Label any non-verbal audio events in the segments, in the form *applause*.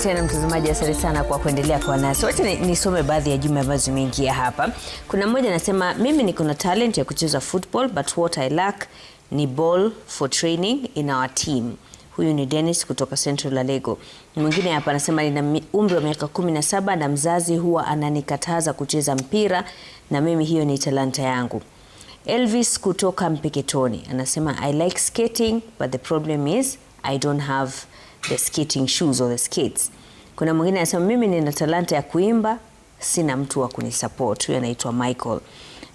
Asante tena mtazamaji, asante sana kwa kuendelea kwa nasi. Wacha nisome baadhi ya jumbe ambazo zimeingia hapa. Kuna mmoja anasema, mimi niko na talent ya kucheza football but what I lack ni ball for training in our team. Huyu ni Dennis kutoka Central Lalego. Mwingine hapa anasema nina umri wa miaka kumi na saba na mzazi huwa ananikataza kucheza mpira na mimi hiyo ni talanta yangu. Elvis kutoka Mpeketoni anasema I like skating but the problem is I don't have the skating shoes or the skates. Kuna mwingine anasema mimi nina talanta ya kuimba, sina mtu wa kunisupport. Huyo anaitwa Michael.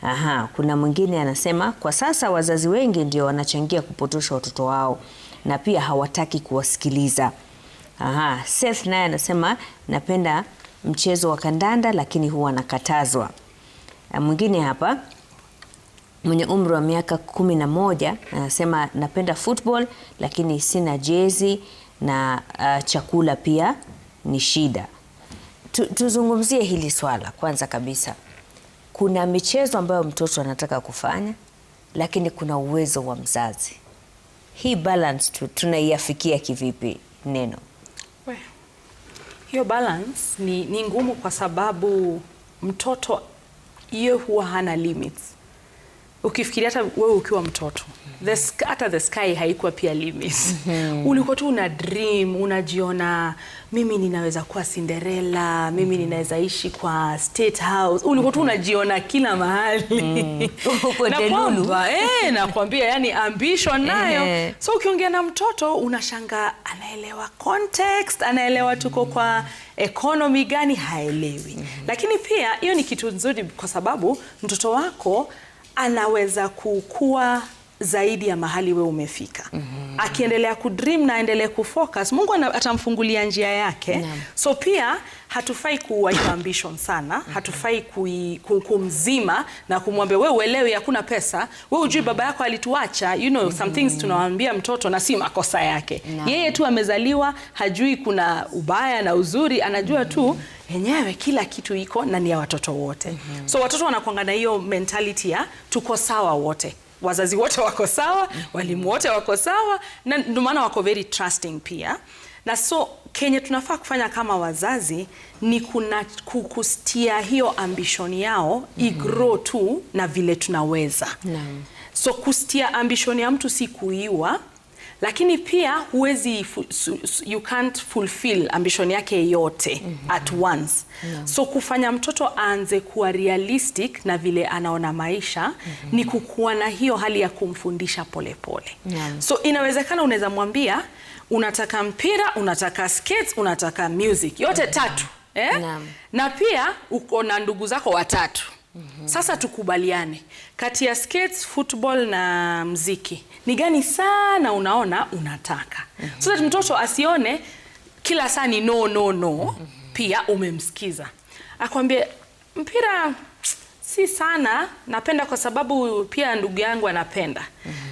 Aha, kuna mwingine anasema kwa sasa wazazi wengi ndio wanachangia kupotosha watoto wao na pia hawataki kuwasikiliza. Aha, Seth naye anasema napenda mchezo wa kandanda lakini huwa nakatazwa. Ah, mwingine hapa mwenye umri wa miaka kumi na moja anasema napenda football lakini sina jezi na uh, chakula pia ni shida. Tu, tuzungumzie hili swala kwanza kabisa. Kuna michezo ambayo mtoto anataka kufanya, lakini kuna uwezo wa mzazi. Hii balance tu tunaiafikia kivipi? Neno We, hiyo balance ni, ni ngumu kwa sababu mtoto yeye huwa hana limits ukifikiria hata wewe ukiwa mtoto hata the, the sky haikuwa pia limits. mm -hmm. Ulikuwa tu una dream, unajiona mimi ninaweza kuwa Cinderella, mimi mm -hmm. ninaweza ishi kwa State House. Ulikuwa tu mhm. unajiona kila mahali mm. *laughs* na kwamba eh, nakwambia yani ambition *laughs* nayo so ukiongea na mtoto unashangaa, anaelewa context, anaelewa tuko mhm. kwa economy gani, haelewi mm -hmm. Lakini pia hiyo ni kitu nzuri kwa sababu mtoto wako anaweza kukua zaidi ya mahali we umefika. mm -hmm akiendelea kudream na aendelee kufocus, Mungu atamfungulia njia yake na. So pia hatufai kuwaipa ambition sana, mm-hmm. hatufai kumzima na kumwambia wewe uelewi, hakuna pesa, wewe ujui mm-hmm. baba yako alituacha, you know, some things mm-hmm. tunawaambia mtoto na si makosa yake na. Yeye tu amezaliwa hajui kuna ubaya na uzuri, anajua tu yenyewe kila kitu iko na ni ya watoto wote. So watoto wanakuanga na hiyo mentality ya tuko sawa wote wazazi wote wako sawa, walimu wote wako sawa, na ndio maana wako very trusting pia. Na so kenye tunafaa kufanya kama wazazi ni kuna kukustia hiyo ambition yao mm -hmm. igrow tu na vile tunaweza So kustia ambition ya mtu si kuiwa lakini pia huwezi you can't fulfill ambition yake yote mm -hmm. at once yeah. Mm-hmm. So kufanya mtoto aanze kuwa realistic na vile anaona maisha mm -hmm. ni kukuwa na hiyo hali ya kumfundisha polepole pole. Yeah. So inawezekana unaweza mwambia unataka mpira, unataka skates, unataka music yote tatu eh? yeah. na pia uko na ndugu zako watatu -hmm. Sasa tukubaliane kati ya skates, football na mziki ni gani sana unaona unataka? mm -hmm. So that mtoto asione kila saa ni no no no. mm -hmm. Pia umemsikiza akwambie mpira si sana napenda kwa sababu pia ndugu yangu anapenda. mm -hmm.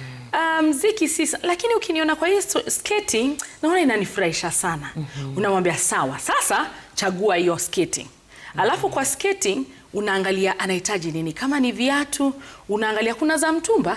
Uh, mziki si, lakini ukiniona kwa hiyo skating naona inanifurahisha sana. mm -hmm. Unamwambia sawa, sasa chagua hiyo skating. mm -hmm. Alafu kwa skating unaangalia anahitaji nini, kama ni viatu unaangalia, kuna za mtumba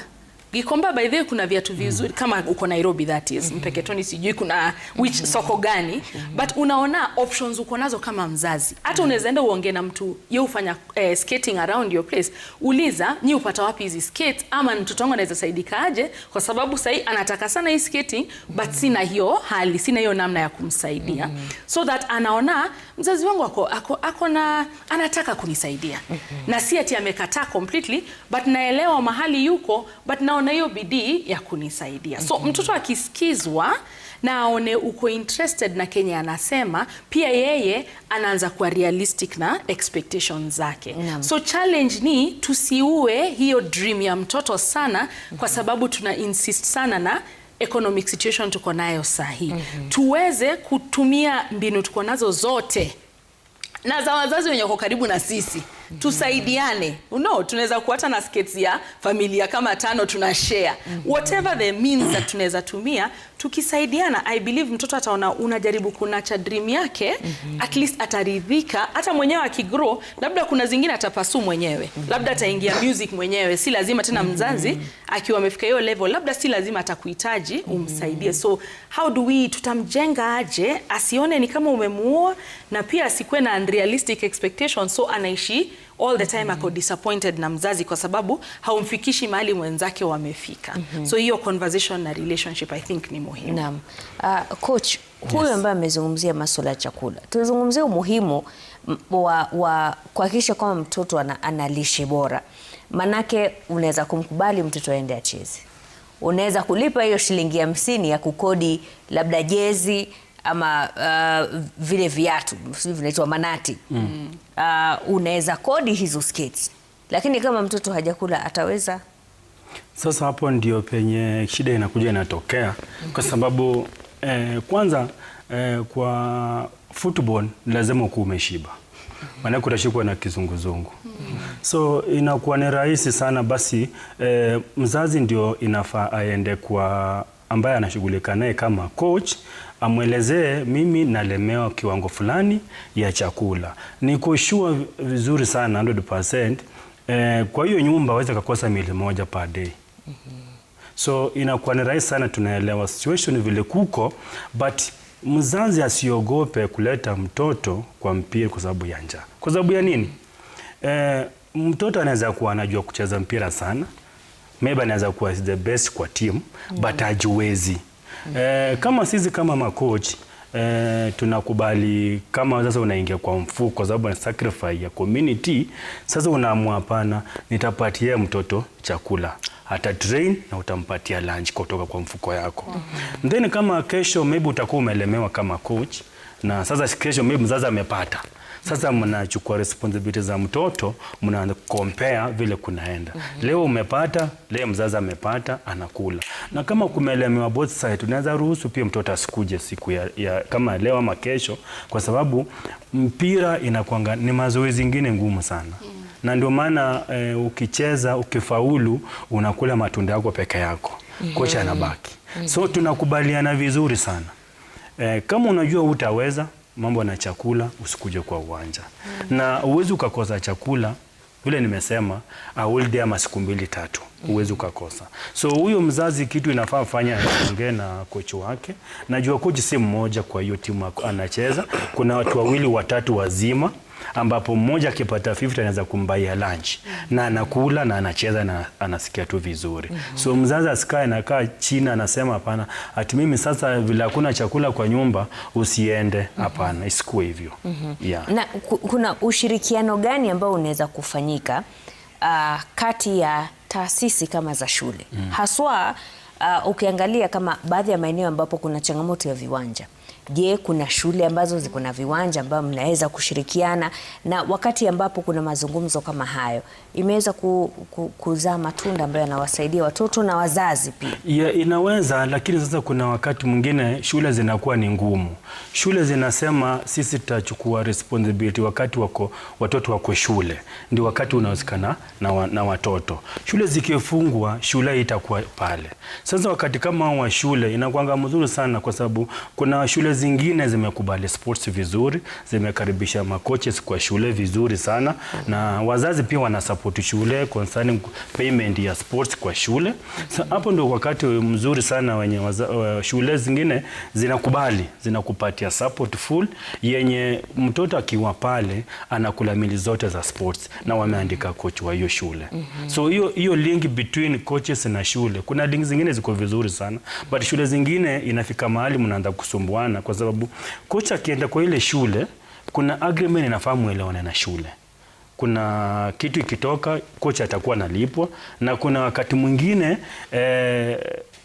Gikomba by the way, kuna viatu vizuri mm. kama uko Nairobi, that is mm -hmm. Mpeketoni, sijui kuna which mm -hmm. soko gani, mm -hmm. but unaona options uko nazo kama mzazi. Hata mm -hmm. unaweza enda uongee na mtu yeye ufanya eh, skating around your place, uliza ni upata wapi hizi skate, ama mtoto wangu anaweza saidika aje, kwa sababu sahi anataka sana hii skating, but mm -hmm. sina hiyo hali, sina hiyo namna ya kumsaidia mm -hmm. so that anaona mzazi wangu ako, ako, ako na anataka kunisaidia mm -hmm. na si ati amekataa completely but naelewa mahali yuko but naona hiyo bidii ya kunisaidia so mm -hmm. mtoto akisikizwa na aone uko interested na Kenya anasema pia yeye anaanza kuwa realistic na expectation zake -hmm. So challenge ni tusiue hiyo dream ya mtoto sana, kwa mhm. sababu tuna insist sana na economic situation tuko nayo sahihi mm -hmm. tuweze kutumia mbinu tuko nazo zote na za wazazi wenye wako karibu na sisi tusaidiane you Tusaidiane, no, tunaweza kuata na skets ya familia kama tano tuna share mm -hmm. whatever the means that tunaweza tumia tukisaidiana, I believe mtoto ataona unajaribu kunacha dream yake mm -hmm. at least ataridhika, hata mwenyewe akigrow, labda kuna zingine atapasu mwenyewe labda ataingia music mwenyewe, si lazima tena mzazi akiwa amefika hiyo level, labda si lazima atakuhitaji umsaidie. So how do we tutamjenga aje asione ni kama umemuoa na pia asikuwe na unrealistic expectations, so anaishi all the time mm -hmm. ako disappointed na mzazi kwa sababu haumfikishi mahali mwenzake wamefika. mm -hmm. So hiyo conversation na relationship I think ni muhimu. Naam. Uh, coach huyu yes. ambaye amezungumzia masuala ya chakula, tuzungumzie umuhimu wa, wa kuhakikisha kwamba mtoto ana, ana lishe bora, manake unaweza kumkubali mtoto aende acheze, unaweza kulipa hiyo shilingi hamsini ya, ya kukodi labda jezi ama uh, vile viatu sijui vinaitwa manati mm. uh, unaweza kodi hizo skates, lakini kama mtoto hajakula ataweza? Sasa hapo ndio penye shida inakuja inatokea kwa sababu eh, kwanza eh, kwa football lazima ukuwa umeshiba maana utashikwa na kizunguzungu mm. So inakuwa ni rahisi sana basi, eh, mzazi ndio inafaa aende kwa ambaye anashughulika naye kama coach amwelezee mimi nalemewa kiwango fulani ya chakula. Nikushua vizuri sana 100%. Eh, kwa hiyo nyumba waweza kukosa mili moja per day. Mm -hmm. So inakuwa ni rahisi sana, tunaelewa situation vile kuko, but mzazi asiogope kuleta mtoto kwa mpira kwa sababu ya njaa. Kwa sababu ya nini? Eh, mtoto anaweza kuwa anajua kucheza mpira sana, maybe anaweza kuwa the best kwa timu, mm -hmm. but mm-hmm. hajiwezi E, kama sisi kama makochi e, tunakubali kama sasa unaingia kwa mfuko kwa sababu ni sacrifice ya community. Sasa unaamua hapana, nitapatia mtoto chakula hata train na utampatia lunch kutoka kwa mfuko yako. Mhm. Then kama kesho maybe utakuwa umelemewa kama coach na sasa kesho mimi mzazi amepata sasa mnachukua responsibility za mtoto, mna compare vile kunaenda. mm -hmm. Leo umepata, leo mzazi amepata, anakula. Na kama kumelemewa both side, unaweza ruhusu pia mtoto asikuje siku ya, ya kama leo ama kesho, kwa sababu mpira inakuanga ni mazoezi ingine ngumu sana. mm -hmm. Na ndio maana e, ukicheza ukifaulu, unakula matunda yako peke yako. mm -hmm. Kocha anabaki. mm -hmm. So tunakubaliana vizuri sana eh, kama unajua utaweza mambo na chakula usikuje kwa uwanja mm. na uwezi ukakosa chakula vile nimesema aulde ama siku mbili tatu uwezi mm. ukakosa. So huyo mzazi kitu inafaa fanya, ongee na kochi wake. Najua kochi si mmoja, kwa hiyo timu anacheza kuna watu wawili watatu wazima ambapo mmoja akipata 50 anaweza kumbaia lunch na anakula na anacheza na anasikia tu vizuri. mm -hmm. So mzazi asikae nakaa chini anasema hapana, ati mimi sasa vile hakuna chakula kwa nyumba usiende. Mhm. Hapana. mm -hmm. Isikuwe hivyo. mm -hmm. yeah. Na kuna ushirikiano gani ambao unaweza kufanyika uh, kati ya taasisi kama za shule? mm -hmm. Haswa uh, ukiangalia kama baadhi ya maeneo ambapo kuna changamoto ya viwanja Je, kuna shule ambazo ziko na viwanja ambayo mnaweza kushirikiana, na wakati ambapo kuna mazungumzo kama hayo imeweza ku, ku, kuzaa matunda ambayo yanawasaidia watoto na wazazi pia? Yeah, inaweza, lakini sasa kuna wakati mwingine shule zinakuwa ni ngumu. Shule zinasema sisi tutachukua responsibility wakati wako watoto wako shule, ndio wakati unaosikana na, wa, na watoto. Shule zikifungwa, shule itakuwa pale. Sasa wakati kama wa shule inakuanga mzuri sana, kwa sababu kuna shule zingine zimekubali sports vizuri, zimekaribisha makoches kwa shule vizuri sana mm -hmm. na wazazi pia wanasapoti shule concerning payment ya sports kwa shule hapo, ndio wakati mzuri sana wenye waza, uh, shule zingine zinakubali zinakupatia support full yenye mtoto akiwa pale anakula mili zote za sports na wameandika coach wa hiyo shule mm -hmm. so hiyo hiyo link between coaches na shule, kuna link zingine ziko vizuri sana but shule zingine inafika mahali mnaanza kusumbuana kwa sababu kocha akienda kwa ile shule kuna agreement inafaa muelewane na shule. Kuna kitu ikitoka kocha atakuwa analipwa, na kuna wakati mwingine eh,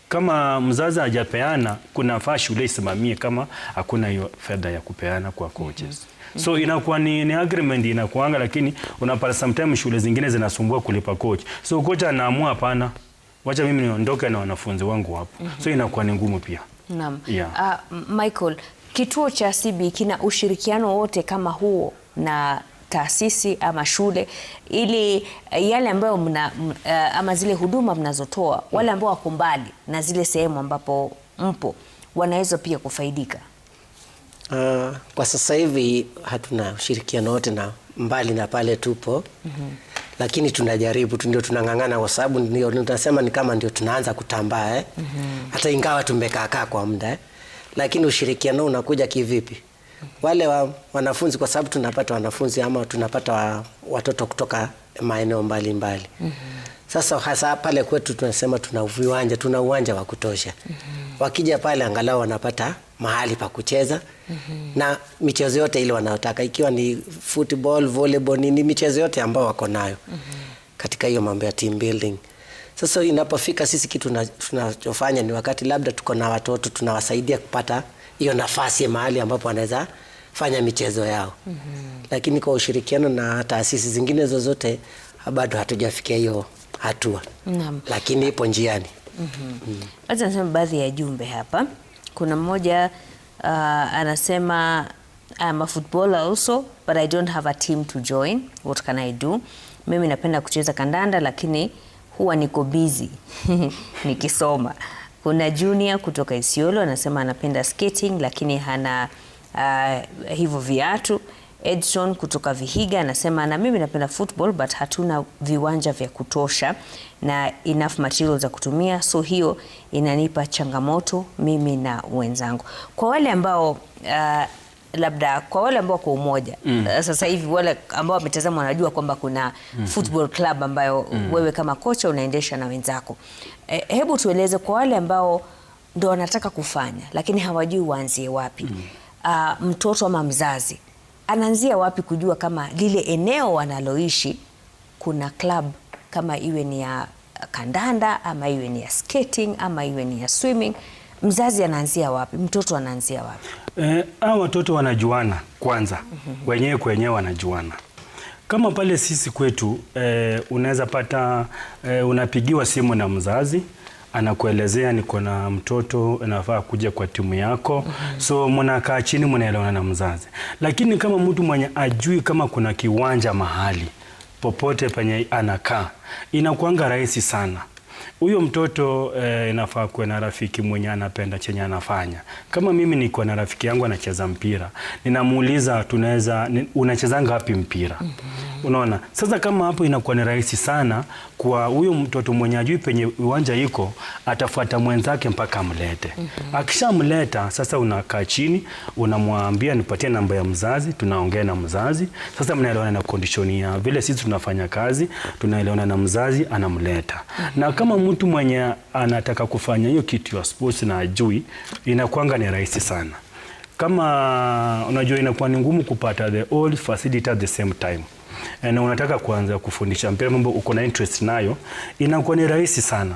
kama mzazi hajapeana kunafaa shule isimamie kama hakuna hiyo fedha ya kupeana kwa coaches. Mm -hmm. So inakuwa ni, ni agreement inakuanga, lakini unapata sometimes shule zingine zinasumbua kulipa coach, so kocha anaamua hapana, wacha mimi niondoke na wanafunzi wangu hapo. Mm -hmm. So inakuwa ni ngumu pia. Naam. Yeah. Uh, Michael, kituo cha cb kina ushirikiano wote kama huo na taasisi ama shule ili yale ambayo mna, eh, ama zile huduma mnazotoa wale ambao wako mbali na zile sehemu ambapo mpo wanaweza pia kufaidika? Uh, kwa sasa hivi hatuna ushirikiano wote na mbali na pale tupo. mm -hmm lakini tunajaribu ndio tunang'ang'ana, kwa sababu ndio tunasema ni kama ndio tunaanza kutambaa eh? mm -hmm. hata ingawa tumekaakaa kwa muda eh? lakini ushirikiano unakuja kivipi? wale wa, wanafunzi kwa sababu tunapata wanafunzi ama tunapata wa, watoto kutoka maeneo mbalimbali mm -hmm sasa hasa pale kwetu tunasema tuna viwanja, tuna uwanja wa kutosha. mm -hmm. Wakija pale angalau wanapata mahali pa kucheza mm -hmm. na michezo yote ile wanayotaka, ikiwa ni football, volleyball, nini, michezo yote ambao wako nayo mm -hmm. katika hiyo mambo ya team building. Sasa inapofika sisi kitu tunachofanya ni wakati labda tuko na watoto tunawasaidia kupata hiyo nafasi mahali ambapo wanaweza fanya michezo yao mm -hmm. Lakini kwa ushirikiano na taasisi zingine zozote bado hatujafikia hiyo hatua Naam. lakini ipo njiani. mm -hmm. mm. baadhi ya jumbe hapa. Kuna mmoja uh, anasema I'm a footballer also but I don't have a team to join. What can I do? Mimi napenda kucheza kandanda lakini huwa niko busy *laughs* nikisoma. Kuna Junior kutoka Isiolo anasema anapenda skating lakini hana uh, hivyo viatu Edson kutoka Vihiga anasema na mimi napenda football but hatuna viwanja vya kutosha na enough materials za kutumia, so hiyo inanipa changamoto mimi na wenzangu. Kwa wale ambao uh, labda kwa wale ambao kwa umoja mm. Uh, sasa hivi wale ambao wametazama wanajua kwamba kuna mm. football club ambayo mm. wewe kama kocha unaendesha na wenzako. E, hebu tueleze kwa wale ambao ndo wanataka kufanya lakini hawajui waanzie wapi mm. uh, mtoto ama mzazi anaanzia wapi kujua kama lile eneo wanaloishi kuna club kama iwe ni ya kandanda ama iwe ni ya skating ama iwe ni ya swimming. Mzazi anaanzia wapi? Mtoto anaanzia wapi? Eh, hao watoto wanajuana kwanza, mhm. wenyewe kwenyewe wenyewe wanajuana. Kama pale sisi kwetu eh, unaweza pata eh, unapigiwa simu na mzazi anakuelezea niko na mtoto anafaa kuja kwa timu yako mm -hmm. So mnakaa chini mnaelewana na mzazi, lakini kama mtu mwenye ajui kama kuna kiwanja mahali popote penye anakaa inakuanga rahisi sana huyo mtoto eh, inafaa kuwe na rafiki mwenye anapenda chenye anafanya. Kama mimi niko na rafiki yangu anacheza mpira, ninamuuliza tunaweza ni, unachezanga ngapi mpira? mm -hmm. Unaona, sasa kama hapo inakuwa ni rahisi sana kwa huyo mtoto mwenye ajui penye uwanja iko, atafuata mwenzake mpaka amlete. mm -hmm. Akishamleta sasa, unakaa chini, unamwambia nipatie namba ya mzazi, tunaongea na mzazi. Sasa mnaelewana na condition ya vile sisi tunafanya kazi, tunaelewana na mzazi, anamleta mm -hmm. na kama mtu mwenye anataka kufanya hiyo kitu ya sports na ajui, inakuanga ni rahisi sana. Kama unajua inakuwa ni ngumu kupata the old facility at the same time na unataka kuanza kufundisha mpira mambo uko na interest nayo, inakuwa ni rahisi sana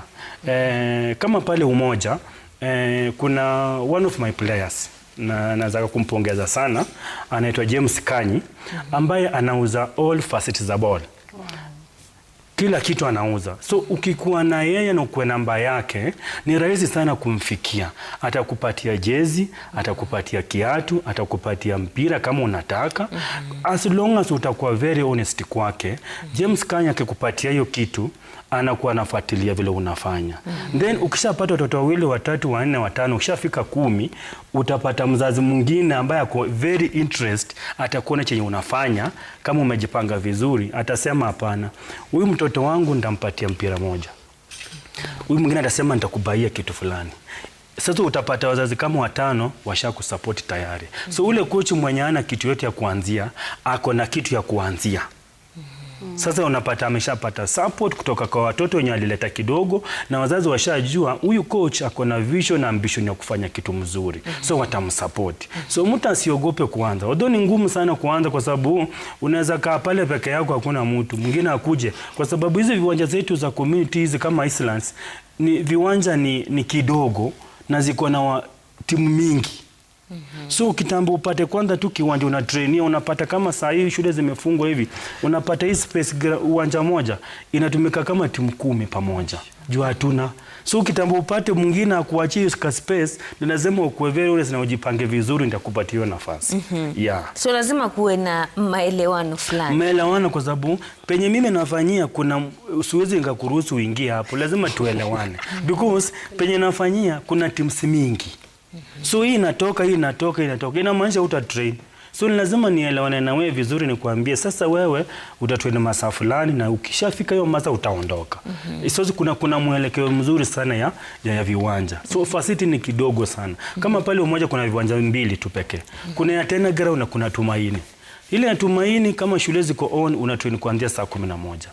e, kama pale Umoja e, kuna one of my players na nataka kumpongeza sana, anaitwa James Kanyi ambaye anauza all facets za ball kila kitu anauza. So ukikuwa na yeye na ukuwe namba yake, ni rahisi sana kumfikia. Atakupatia jezi, atakupatia kiatu, atakupatia mpira kama unataka, mm-hmm. as long as utakuwa very honest kwake. James Kanya akikupatia hiyo kitu anakuwa anafuatilia vile unafanya. mm -hmm. Then ukishapata watoto wawili, watatu, wanne, watano, ukishafika kumi, utapata mzazi mwingine ambaye ako very interest, atakuona chenye unafanya kama umejipanga vizuri, atasema hapana, huyu mtoto wangu nitampatia mpira moja, huyu mwingine atasema nitakubaia kitu fulani. Sasa utapata wazazi kama watano washa kusapoti tayari. So ule kochi mwenye ana kitu yote ya kuanzia ako na kitu ya kuanzia Mm. Sasa unapata ameshapata support kutoka kwa watoto wenye alileta kidogo, na wazazi washajua huyu coach ako na vision na ambition ya kufanya kitu mzuri mm -hmm. So watamsupport mm -hmm. So mtu asiogope kuanza, although ni ngumu sana kuanza, kwa sababu unaweza kaa pale peke yako, hakuna mtu mwingine akuje, kwa sababu hizi viwanja zetu za community hizi kama Islands ni viwanja ni, ni kidogo na ziko na timu mingi Mm -hmm. So kitambo upate kwanza tu kiwanja unatrainia, unapata kama saa hii shule zimefungwa hivi, unapata hii space uwanja moja inatumika kama timu kumi pamoja juu hatuna so kitambo upate mwingine akuachie hiyo space, ni lazima ukuwe very ule na ujipange vizuri, ndio kupatiwa nafasi. mm -hmm. yeah. So lazima kuwe na maelewano fulani, maelewano kwa sababu penye mimi nafanyia kuna, siwezi ngakuruhusu uingie hapo, lazima tuelewane *laughs* because penye nafanyia kuna teams mingi So hii inatoka, hii inatoka, inatoka. Inamaanisha uta train. So lazima nielewane na wewe vizuri nikuambie sasa wewe utatwenda masaa fulani na ukishafika hiyo masaa utaondoka. Mm -hmm. So kuna kuna mwelekeo mzuri sana ya ya, ya viwanja. So facility ni kidogo sana. Kama pale umoja kuna viwanja mbili tu pekee. Kuna ya tena ground na kuna Tumaini. Ile ya Tumaini kama shule ziko on unatwenda kuanzia saa kumi na moja.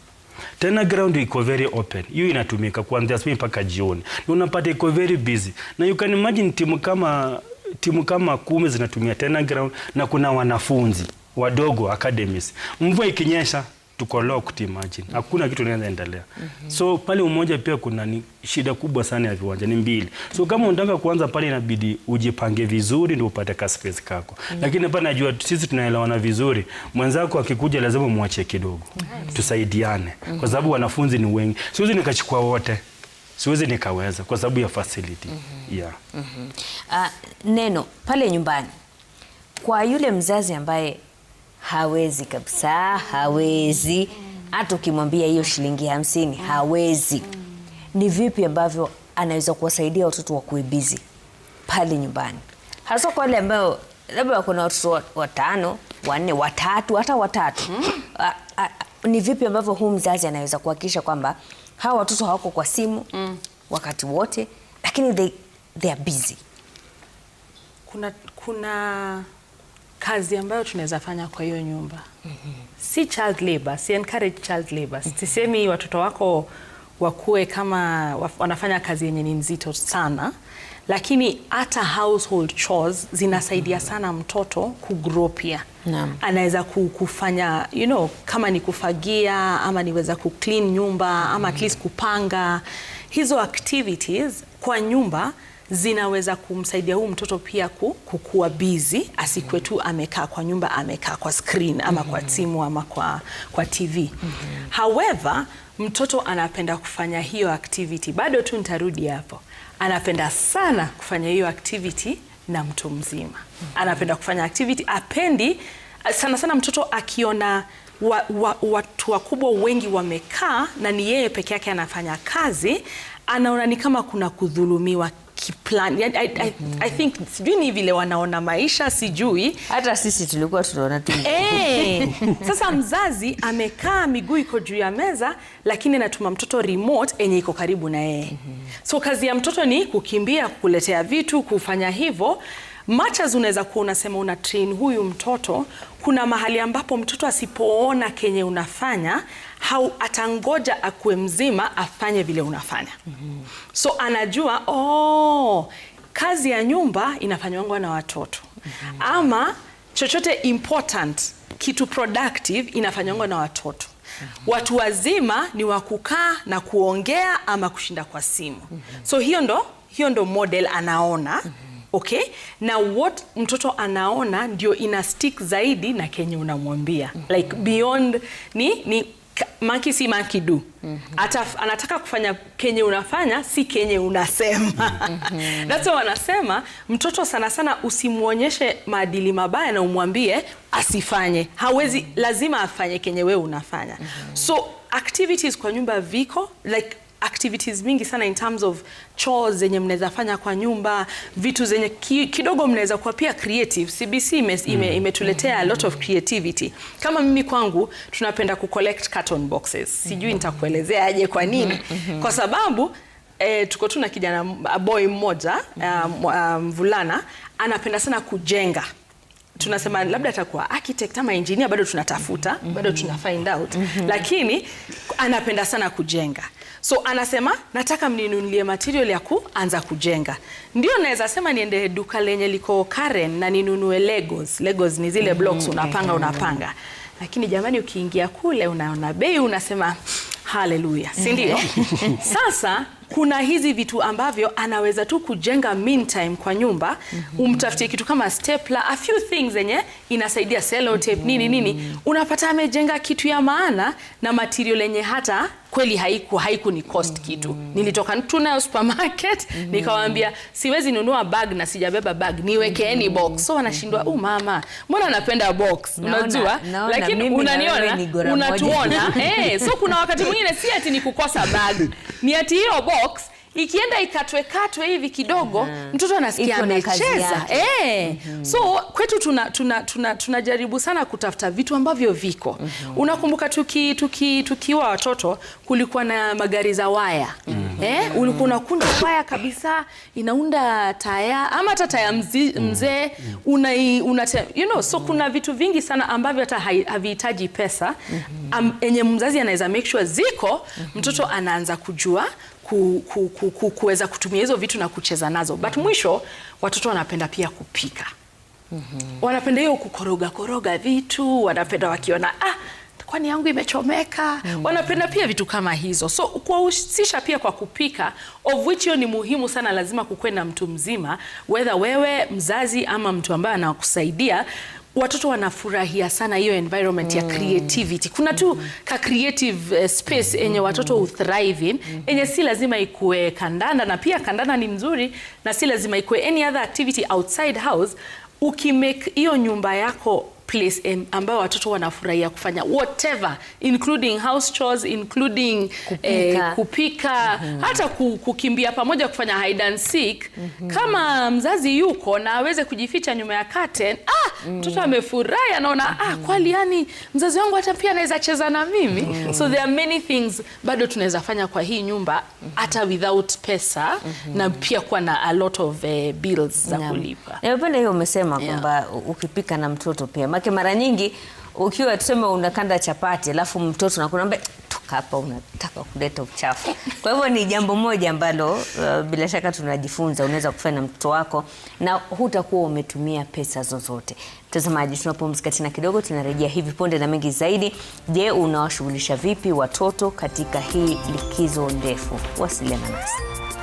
Tena ground iko very open. Hiyo inatumika kuanzia asubuhi mpaka jioni. Unapata iko very busy. Na you can imagine timu kama timu kama kumi zinatumia tena ground na kuna wanafunzi wadogo academies. Mvua ikinyesha tuko locked imagine, hakuna kitu inaweza endelea. mm -hmm. So pale Umoja pia kuna ni shida kubwa sana ya viwanja ni mbili, so kama unataka kuanza pale inabidi ujipange vizuri ndio upate ka space kako. mm -hmm. Lakini hapa najua sisi tunaelewana vizuri, mwenzako akikuja lazima muache kidogo. mm -hmm. Tusaidiane mm-hmm. kwa sababu wanafunzi ni wengi, siwezi nikachukua wote siwezi nikaweza kwa sababu ya facility. mm -hmm. yeah. mm -hmm. Uh, neno pale nyumbani kwa yule mzazi ambaye hawezi kabisa, hawezi hata ukimwambia hiyo shilingi hamsini hawezi. Ni vipi ambavyo anaweza kuwasaidia watoto wakuwe bizi pale nyumbani, hasa kwa wale ambao labda wako na watoto watano, wanne, watatu, hata watatu hmm? a, a, ni vipi ambavyo huu mzazi anaweza kuhakikisha kwamba hawa watoto hawako kwa simu mm. wakati wote, lakini they, they are busy. Kuna, kuna kazi ambayo tunaweza fanya kwa hiyo nyumba mm -hmm. si child labor, si encourage child labor mm -hmm. sisemi watoto wako wakuwe kama wanafanya kazi yenye ni nzito sana, lakini hata household chores zinasaidia sana mtoto kugrow pia. Naam. Anaweza kufanya you know, kama ni kufagia ama niweza kuclean nyumba ama at least kupanga hizo activities kwa nyumba zinaweza kumsaidia huu mtoto pia kukua busy, asikuwe tu amekaa kwa nyumba, amekaa kwa screen ama kwa mhm. simu ama kwa, kwa TV. However, mtoto anapenda kufanya hiyo activity, bado tu nitarudi hapo, anapenda sana kufanya hiyo activity na mtu mzima, mhm. anapenda kufanya activity, apendi sana sana mtoto akiona wa, wa, watu wakubwa wengi wamekaa na ni yeye peke yake anafanya kazi, anaona ni kama kuna kudhulumiwa kiplani I, I, I, I think sijui ni vile wanaona maisha, sijui hata sisi tulikuwa tunaona tu hey. Eh, sasa mzazi amekaa miguu iko juu ya meza, lakini anatuma mtoto remote enye iko karibu na yeye mm -hmm. So kazi ya mtoto ni kukimbia, kuletea vitu, kufanya hivyo machas unaweza kuwa unasema una train huyu mtoto. Kuna mahali ambapo mtoto asipoona kenye unafanya hau, atangoja akuwe mzima afanye vile unafanya mm -hmm. So anajua oh, kazi ya nyumba inafanywangwa na watoto mm -hmm. ama chochote important kitu productive inafanywangwa na watoto mm -hmm. Watu wazima ni wa kukaa na kuongea ama kushinda kwa simu mm -hmm. So hiyo ndo hiyo ndo model anaona mm -hmm. Okay, na what mtoto anaona ndio ina stick zaidi na kenye unamwambia mm -hmm. Like beyond ni, ni Manki si manki du. Mm -hmm. anataka kufanya kenye unafanya si kenye unasema. Mm -hmm. *laughs* wanasema mtoto sana sana usimwonyeshe maadili mabaya na umwambie asifanye. Hawezi, lazima afanye kenye wewe unafanya. Mm -hmm. So activities kwa nyumba viko like activities mingi sana in terms of chores zenye mnaweza fanya kwa nyumba, vitu zenye ki, kidogo mnaweza kuwa pia creative. CBC imetuletea ime, ime mm. a lot of creativity. Kama mimi kwangu tunapenda ku collect carton boxes, sijui mm. nitakuelezeaje kwa nini, mm, mm-hmm. kwa sababu E, tuko tu na kijana boy mmoja mvulana um, um, anapenda sana kujenga. Tunasema labda atakuwa architect ama engineer, bado tunatafuta, bado mm-hmm. tuna find out, mm-hmm. lakini anapenda sana kujenga. So anasema nataka mninunulie material ya kuanza kujenga. Ndio naweza sema niende duka lenye liko Karen na ninunue Legos. Legos ni zile mm-hmm. blocks unapanga mm-hmm. unapanga. Lakini jamani, ukiingia kule unaona bei unasema Haleluya, si ndio? *laughs* Sasa kuna hizi vitu ambavyo anaweza tu kujenga meantime kwa nyumba, mhm. umtafutie kitu kama stapler, a few things zenye inasaidia sellotape, mm. nini nini, unapata amejenga kitu ya maana na material lenye hata kweli haiku haiku ni cost mm. kitu. Nilitoka tu nayo supermarket mm. nikawaambia, siwezi nunua bag na sijabeba bag, niwekeeni box. So wanashindwa, oh mama, mbona anapenda box? Unajua, lakini unaniona, unatuona *laughs* eh. So kuna wakati mwingine si ati ni kukosa bag, ni ati hiyo box ikienda ikatwe katwe hivi kidogo mm -hmm. Mtoto anasikia amecheza eh. mm -hmm. So kwetu tunajaribu tuna, tuna, tuna sana kutafuta vitu ambavyo viko mm -hmm. Unakumbuka tuki, tuki, tukiwa watoto kulikuwa na magari za waya mm -hmm eh, mm. ulikuwa unakuna kwaya kabisa inaunda taya ama hata taya mm. mzee una, mm. una you know, so kuna vitu vingi sana ambavyo hata havihitaji pesa mm-hmm. am, enye mzazi anaweza make sure ziko, mm-hmm. mtoto anaanza kujua ku, ku, ku, ku, kuweza kutumia hizo vitu na kucheza nazo, but mm-hmm. mwisho watoto wanapenda pia kupika. Mm -hmm. Wanapenda hiyo kukoroga koroga vitu, wanapenda wakiona ah kwani yangu imechomeka mm. Wanapenda pia vitu kama hizo, so kuwahusisha pia kwa kupika, of which hiyo ni muhimu sana. Lazima kukuwe na mtu mzima, whether wewe mzazi ama mtu ambaye anakusaidia watoto wanafurahia sana hiyo environment mm. ya creativity. Kuna tu mm -hmm. ka creative eh, space mm-hmm. yenye watoto uthrive in mm-hmm. enye si lazima ikuwe kandanda, na pia kandanda ni mzuri, na si lazima ikuwe any other activity outside house. Ukimake hiyo nyumba yako place ambayo watoto wanafurahia kufanya whatever including house chores including kupika, eh, kupika mm -hmm. hata kukimbia pamoja kufanya hide and seek mm -hmm. kama mzazi yuko na aweze kujificha nyuma ya curtain ah mm. mtoto mm -hmm. amefurahi anaona mm -hmm. ah mm-hmm. kweli yani mzazi wangu hata pia anaweza cheza na mimi mm -hmm. so there are many things bado tunaweza fanya kwa hii nyumba mm-hmm. hata without pesa mm -hmm. na pia kuwa na a lot of uh, bills za kulipa. na hiyo umesema yeah. kwamba ukipika na mtoto pia maana mara nyingi ukiwa tuseme unakanda chapati alafu mtoto nakunaambia toka hapa, unataka kuleta uchafu. Kwa hivyo ni jambo moja ambalo uh, bila shaka tunajifunza, unaweza kufanya na mtoto wako na hutakuwa umetumia pesa zozote. Mtazamaji, tunapumzika tena kidogo, tunarejea hivi punde na mengi zaidi. Je, unawashughulisha vipi watoto katika hii likizo ndefu? Wasiliana nasi.